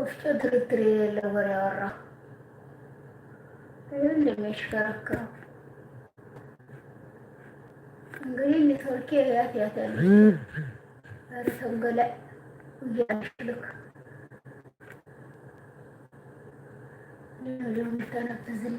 ውስጡ ድርድር የሌለ ወሬ ያወራ እንደሚያሽከረክረው እንግዲህ ኔትወርክ ያት ያት ያለ ተንገላ እያሽልክ ለምን ተነፍዝልኝ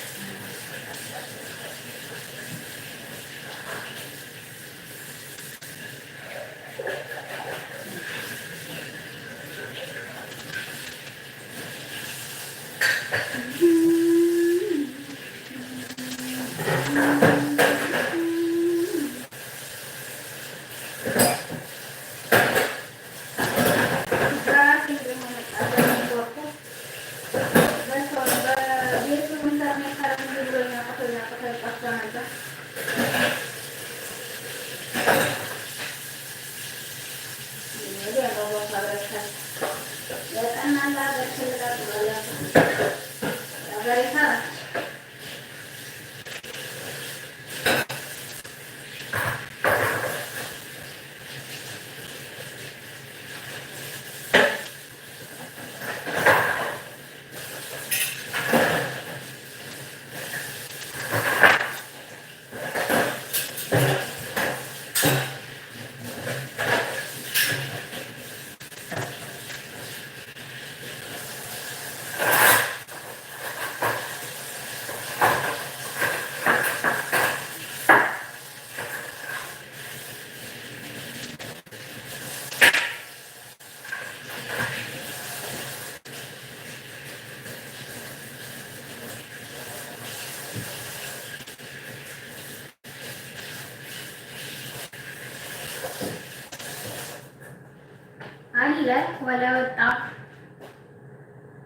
அல்ல ولا ودع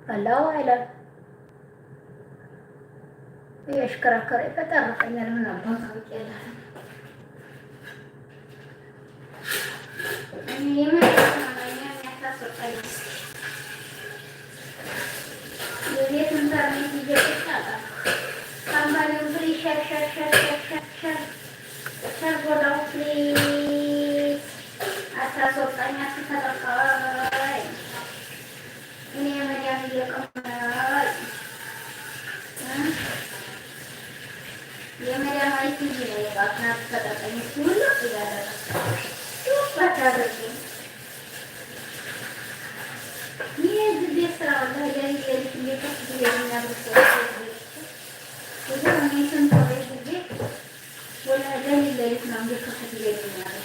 أعلم يشكرك فتعرف أن من أبوظبي كده اليمن على اليمن يحتاج القيس ጊዜ ወላሂ ለሊት ለሊት ነው እንግዲህ ከፍት ይገኛል።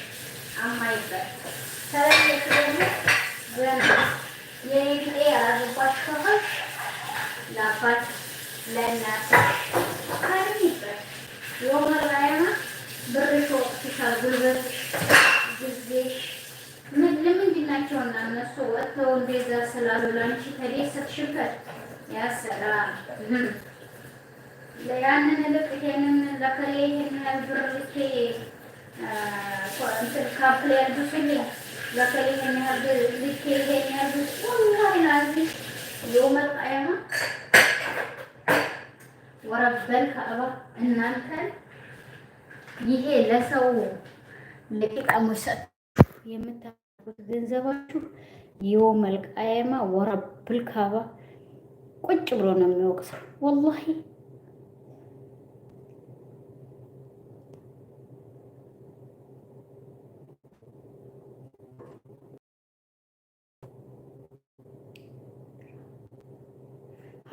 አማይበት ተለየት ደግሞ ገና የኔ ያላገባች ከሆንሽ ለአባት ለእናት ካርሚበት የወር ባያማ ብርሽ ወቅትሻል፣ ጉልበትሽ፣ ጊዜሽ ምን ለምንድን ናቸውና እነሱ ወጥተው እንደዛ ስላሉ ላንቺ ተደሰትሽበት ያሰራ ያንን ልቅ ይሄንን ለከሌ ይሄንን ብር ልኬ ካፕል ያልብሱልኝ በከሌ የሚያርግ ልኬ የሚያርግ ወላሂ ላዚም የውመል ወረበል ከአባ እናንተን ይሄ ለሰው ለቂቃሞች ሰጥታችሁ የምታደርጉት ገንዘባችሁ የውመል ቀያማ ወረብል ከአባ ቁጭ ብሎ ነው የሚወቅሰው ወላሂ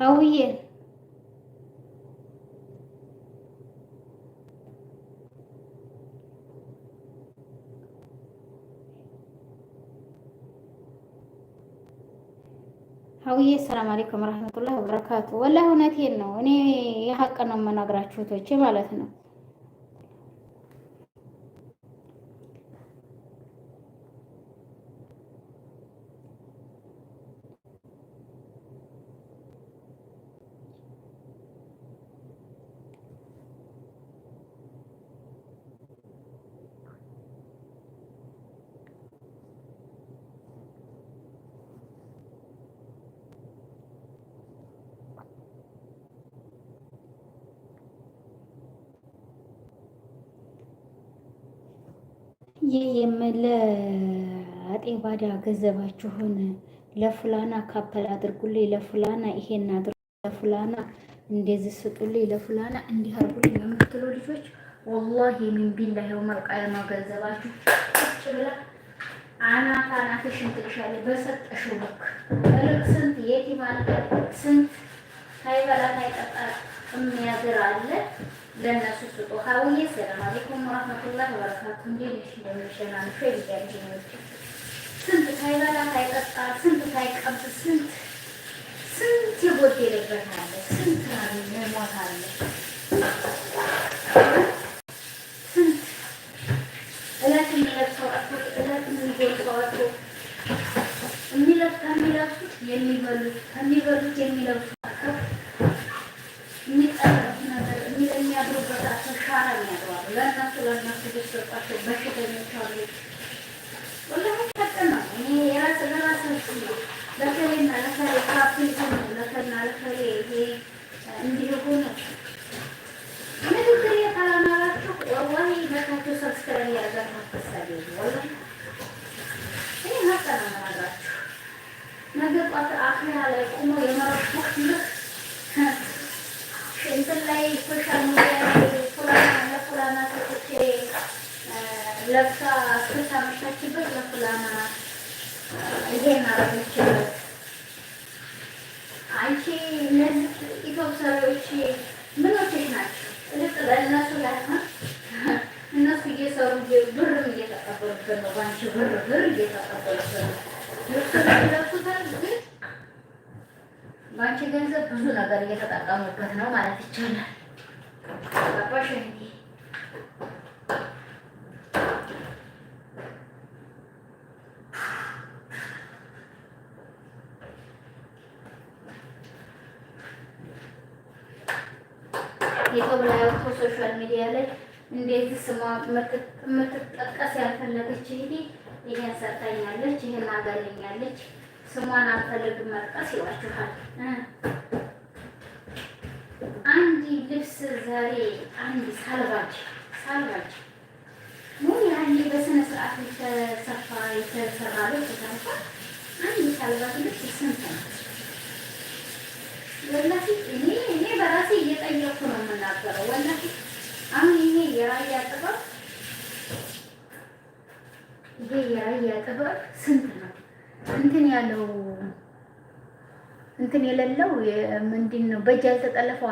ሀውዬ ሀውዬ ሰላም አለይኩም ረህመቱላህ ወበረካቱ። ወላሂ እውነቴን ነው። እኔ የሀቅ ነው የምነግራችሁ እህቶቼ ማለት ነው። ይህ ባዳ ገንዘባችሁን ለፍላና ካፐል አድርጉልኝ፣ ለፍላና ይሄን አድርጉ፣ ለፍላና እንደዚህ ስጡልኝ፣ ለፍላና እንዲህ አድርጉልኝ የምትሉ ልጆች ወላሂ ምን ቢላ የውመል ቂያማ ገንዘባችሁ ቁጭ ብላ አናት አናትሽን ትልሻለች። በሰጠሽው ልክ እልክ ስንት የቲም አለ ስንት ሳይበላ ሳይጠጣ የሚያድር አለ። ለእነሱ ስጡ ውዬ ሰላም አለይኩም ወረህመቱላሂ ወበረካቱ። እንዴት እንደምንሸናንሾ ይያልጅኖች ስንት ሳይበላ ሳይጠጣ ስንት ሳይቀብስ ስንት ስንት የጎደለበት አለ፣ ስንት መሞት አለ፣ ስንት እለት የሚለብሰዋቸው የሚለብሱት የሚበሉት ከሚበሉት የሚለብሱት የሚያድሩበታቸው ሻራ የሚያድሯሉ። ለእነሱ ለእነሱ ቢሰጧቸው በሽተኞች አሉ። ሁሉም ፈጥን እኔ የራስ ለራስ ለከሌና ለከሌ ካፕቲዝም ነው። ለከና ለከሌ ይሄ እንዲሆኑ ንግግር ነገ ጧት አኺራ ላይ ቁሞ የመረቡክ ልክ እንትን ላይ ሶሻል ሚዲያ ላይ ቁራና ለቁራና ለብሳ ስልሳ መሻችበት ለቁራና ይሄን አረገችበት። አንቺ እነዚህ ኢትዮጵያ ሰሪዎች ምኖችሽ ናቸው? ልቅ ለእነሱ ላይሆ እነሱ እየሰሩ ብርም እየተቀበሉበት ነው። በአንቺ ብር ብር እየተቀበሉበት ነው በአንቺ ገንዘብ ብዙ ነገር እየተጠቀሙበት ነው ማለት ይቻላል። ገባሽ? የተብላዩ ሶሻል ሚዲያ ላይ እንዴት ስሟ የምትጠቀስ ያልፈለገች እህቴ ይሄን ሰርታኛለች፣ ይሄን አገለኛለች ስሟን አልፈልግም መጥቀስ ይዋችኋል። አንድ ልብስ ዛሬ አንድ ሳልባጅ ሳልባጅ ሙሉ ያኔ በስነ ስርዓት የተሰፋ የተሰራ ልብስ ታልፋ አንድ ሳልባጅ ልብስ ስንት ነው? ወላሂ እኔ እኔ በራሴ እየጠየኩ ነው የምናገረው። ወላፊት አሁን ይሄ የራያ ጥበብ ይሄ የራያ ጥበብ ስንት ነው? እንትን ያለው እንትን የሌለው ምንድን ነው በእጅ ያልተጠለፈው